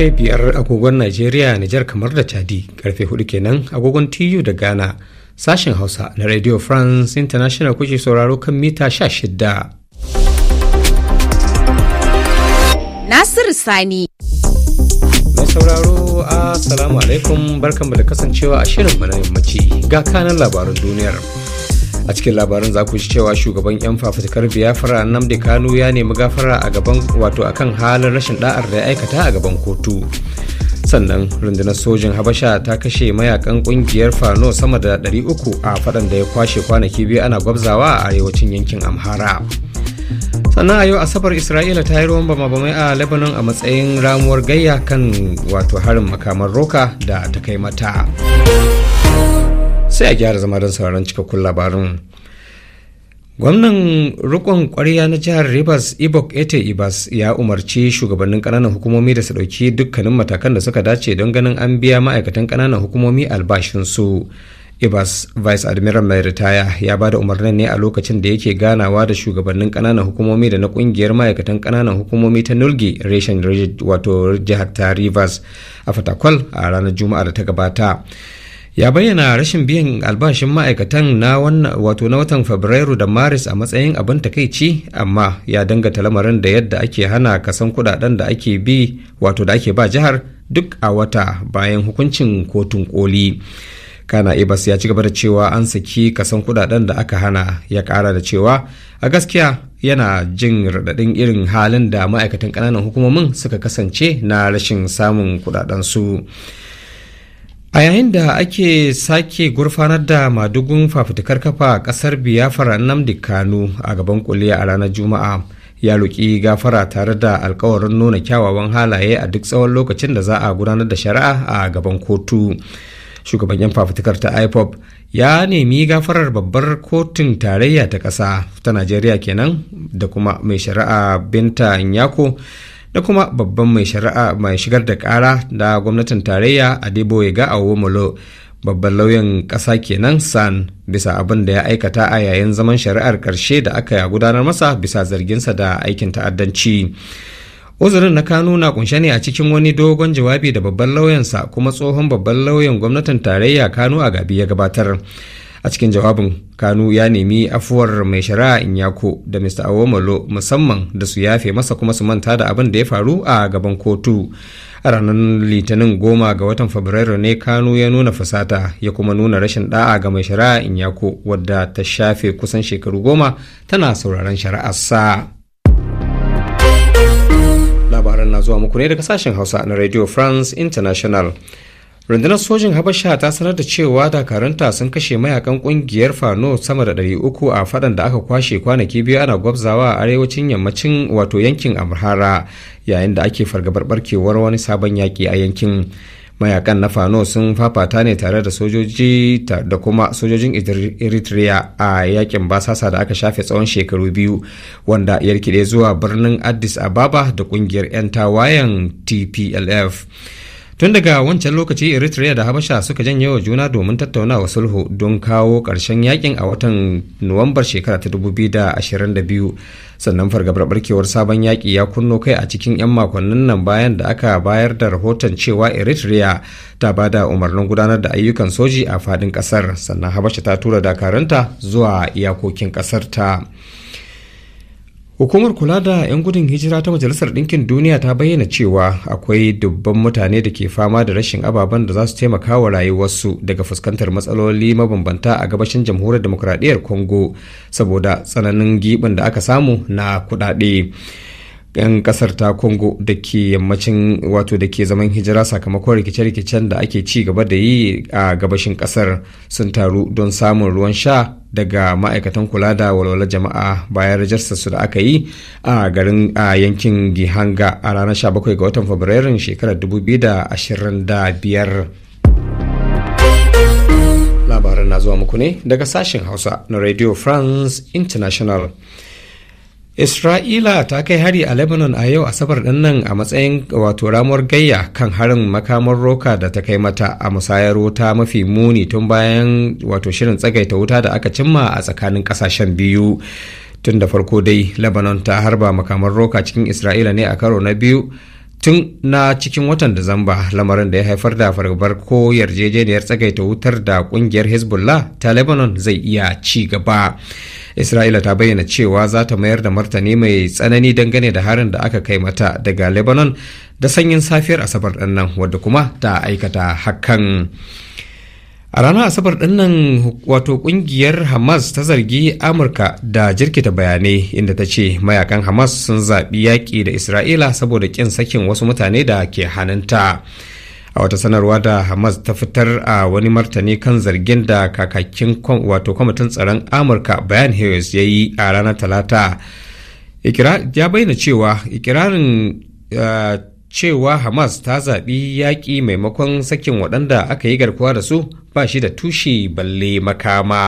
karfe biyar agogon Najeriya, Nijar kamar da Chadi, karfe hudu kenan agogon TU da Ghana. Sashen Hausa na Radio France International kuke sauraro kan mita sha shidda. Nasiru Sani. Mai sauraro Assalamu alaikum barkanmu da kasancewa a shirin mana yammaci ga kanan labaran duniyar. a cikin labarin za ku ji cewa shugaban 'yan fafutukar nam namdi kanu ya nemi gafara a gaban wato akan halin rashin da'ar da ya aikata a gaban kotu sannan rundunar sojin habasha ta kashe mayakan kungiyar fano sama da 300 a fadan da ya kwashe kwanaki biyu ana gwabzawa a arewacin yankin amhara sannan a yau asabar isra'ila ta yi ruwan bama a lebanon a matsayin ramuwar gayya kan wato harin makamar roka da ta kai mata sai a gyara zama don sauran cikakkun labarin gwamnan rukun kwarya na jihar rivers ibok ete ibas ya umarci shugabannin kananan hukumomi da su ɗauki dukkanin matakan da suka dace don ganin an biya ma'aikatan kananan hukumomi albashinsu ibas vice admiral mai ritaya ya ba da umarnin ne a lokacin da yake ganawa da shugabannin kananan hukumomi da na kungiyar ma'aikatan kananan hukumomi ta nulge reshen wato jihar ta rivers a fatakwal a ranar juma'a da ta gabata ya bayyana rashin biyan albashin ma'aikatan na wato na watan fabrairu da maris a matsayin abin takaici amma ya dangata lamarin da yadda ake hana kasan kudaden da ake bi wato da ake ba jihar duk a wata bayan hukuncin kotun koli kana ibas ya ci gaba da cewa an saki kasan kudaden da aka hana ya kara da cewa a gaskiya yana jin raɗaɗin irin halin da ma'aikatan ƙananan hukumomin suka kasance na rashin samun kudaden su. a yayin da ake sake gurfanar da madugun fafutukar kafa a kasar Biyafara nnamdi kanu a gaban kuliya a ranar juma'a ya roƙi gafara tare da alkawarin nuna kyawawan halaye a duk tsawon lokacin da za a gudanar da shari'a a gaban kotu shugaban yan fafutukar ta ipop ya nemi gafarar babbar kotun tarayya ta ƙasa ta najeriya kenan da kuma mai shari'a binta nyako da kuma babban mai shari'a mai shigar da kara da gwamnatin tarayya ya ga awomolo babban lauyan ƙasa kenan san bisa abin da ya aikata a yayin zaman shari'ar karshe da aka gudanar masa bisa zarginsa da aikin ta'addanci uzurin na kano na kunshe ne a cikin wani dogon jawabi da babban lauyansa kuma tsohon babban lauyan gwamnatin tarayya kano a gabi ya gabatar a cikin jawabin kanu ya nemi afuwar mai shari'a inyako da mr awomolo musamman da su yafe masa kuma su manta da abin da ya faru a gaban kotu a ranar litinin goma ga watan fabrairu ne kanu ya nuna fusata ya kuma nuna rashin da'a ga mai shari'a inyako wadda ta shafe kusan shekaru goma tana sauraron shari'arsa labaran na zuwa muku ne daga sashen hausa na radio france international rundunar sojin habasha ta sanar da cewa dakaranta sun kashe mayakan kungiyar fano sama da 300 a fadan da aka kwashe kwanaki biyu ana gwabzawa a arewacin yammacin wato yankin amhara yayin da ake fargabar barkewar wani sabon yaƙi a yankin mayakan na fano sun fafata ne tare da sojoji da kuma sojojin eritrea a yakin basasa da aka shafe tsawon shekaru biyu wanda ya rikide zuwa birnin addis ababa da kungiyar 'yan tawayen tplf tun daga wancan lokaci eritrea da habasha suka janye wa juna domin tattaunawa sulhu don kawo ƙarshen yakin a watan nuwambar shekara ta 2022 sannan fargabar barkewar sabon yaƙi ya kunno kai a cikin 'yan makonnin nan bayan da aka bayar da rahoton cewa eritrea ta ba da umarnin gudanar da ayyukan soji a faɗin ƙasar sannan habasha ta tura dakaranta zuwa iyakokin ƙasar ta Hukumar kula da 'yan gudun hijira ta Majalisar Ɗinkin Duniya ta bayyana cewa akwai dubban mutane da ke fama da rashin ababen da za su taimaka wa rayuwarsu daga fuskantar matsaloli mabambanta a gabashin jamhuriyar demokradiyyar Congo saboda tsananin giɓin da aka samu na kuɗaɗe. 'yan kasar ta congo da ke yammacin wato da ke zaman hijira sakamakon rikice-rikicen da ake ci gaba da yi a gabashin kasar sun taru don samun ruwan sha daga ma'aikatan kula da walwalar jama'a bayan rajistarsu da aka yi a garin a yankin gihanga a ranar 17 ga watan fabrairun shekarar 2025 labaran na zuwa muku ne daga sashen hausa na radio france international Isra'ila ta kai hari a Lebanon a yau Asabar ɗin nan a matsayin wato ramuwar gayya kan harin makamar roka da ta kai mata a musayar wuta mafi muni tun bayan wato shirin tsagaita wuta da aka cimma a tsakanin ƙasashen biyu. Tun da farko dai Lebanon ta harba makamar roka cikin Isra'ila ne a karo na biyu tun na cikin watan Disamba lamarin da ya haifar da fargabar ko yarjejeniyar tsagaita wutar da kungiyar Hezbollah ta Lebanon zai iya ci gaba. Isra'ila ta bayyana cewa za ta mayar da martani mai tsanani dangane da harin da aka kai mata daga Lebanon da sanyin safiyar Asabar ɗannan wadda kuma ta aikata hakan. a ranar asabar dinnan wato kungiyar hamas ta zargi amurka da jirkita bayanai inda ta ce mayakan hamas sun zaɓi yaƙi da isra'ila saboda ƙin sakin wasu mutane da ke hannunta a wata sanarwa da hamas ta fitar a wani martani kan zargin da kakakin wato kwamitin tsaron amurka bayan harris ya yi a ranar talata ya bayyana cewa ikirarin eh, cewa Hamas ta zaɓi yaƙi maimakon sakin waɗanda aka yi garkuwa da su ba shi da tushe balle makama.